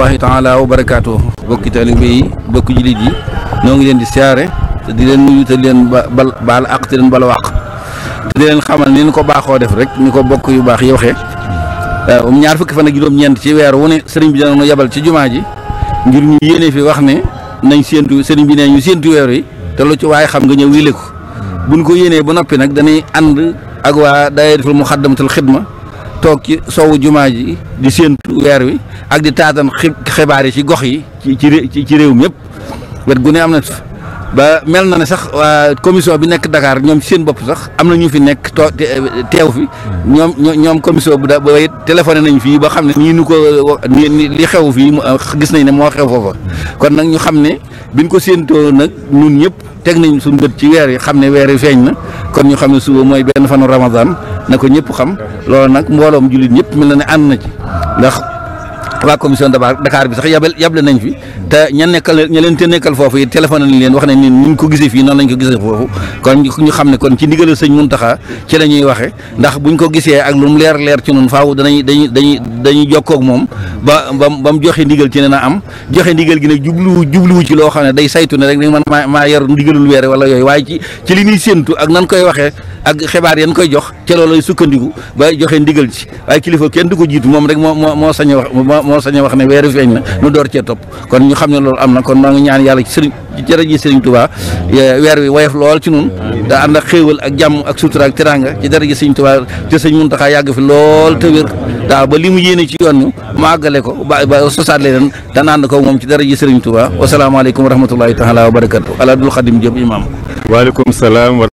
rahmatullahi taala wa barakaatu bokki taalibe yi bokki jullit yi ñoo ngi leen di siyaare te di leen nuyu te di leen ba bal baal àq te leen bala wàq te di leen xamal ni ñu ko baaxoo def rek ni ko bokk yu baax yi waxee um ñaar fukki fan ak juróom-ñeent ci weer wu ne sëriñ bi dana nu yabal ci jumaa ji ngir ñu yéene fi wax ne nañ séentu sëriñ bi ne ñu séentu weer yi te lu ci waaye xam nga ñëw yile ko buñ ko yéenee ba noppi nag dañuy ànd ak waa daayiratul muxaddamatul xidma toog ci soowu jumaa ji di séentu weer ak di taatan xibaar yi ci gox yi ci ci ci réew mi yëpp wet gu am na ba mel na ne sax commission bi nekk Dakar ñoom seen bopp sax am na ñu fi nekk too teew fi ñoom ñoom commission bu da ba téléphoné nañ fii ba xam ne nii nu ko li xew fii ah, gis nañ ne moo xew foofa kon nag ñu xam ne biñ ko séentoo nag ñun ñëpp teg nañ suñu bët ci weer yi xam ne weer yi feeñ na kon ñu xam ne suba mooy benn fanu Ramadan na ko ñëpp xam loolu nag mbooloom jullit ñëpp mel na ne ànd na ci ndax. waa commission Dakar bi sax yabal yable nañ fi te ña nekkal ña leen te nekkal foofu yi téléphoné nañ leen wax nañ ni ñu ko gisee fii noonu lañ ko gisee foofu kon ñu xam ne kon ci ndigalal sëñ Muntaxa ci la ñuy waxe ndax buñ ko gisee ak lu mu leer leer ci noonu faaw danañ dañuy dañuy dañuy jokkoo moom ba ba ba mu joxe ndigal ci ne na am joxe ndigal gi nag jubluwu jubluwu ci loo xam ne day saytu ne rek dañ man maa maa yor ndigalul weere wala yooyu waaye ci ci li ñuy séentu ak nan koy waxee ak xibaar yeen koy jox ca loolay sukkandiku ba joxe ndigal ci waaye kilifa kenn du ko jiitu moom rek moo moo moo sañ a wax moo sañ a wax ne weeru feeñ na nu door cee topp kon ñu xam ne loolu am na kon maa ñaan yàlla ci sëriñ jërëjëf sëriñ Touba weer wi woyof lool ci nun da ànd ak xéewal ak jàmm ak sutura ak teraanga ci dara ji sëriñ Touba te sëriñ Muntaxa yàgg fi lool te wér ta ba li mu yéene ci yoon ñu ma ko ba ba sosaat leen daan ànd ko moom ci dara ji sëriñ Touba wasalaamaaleykum wa rahmatullahi taala wa barakatu ala dul xadim jëm imam waaleykum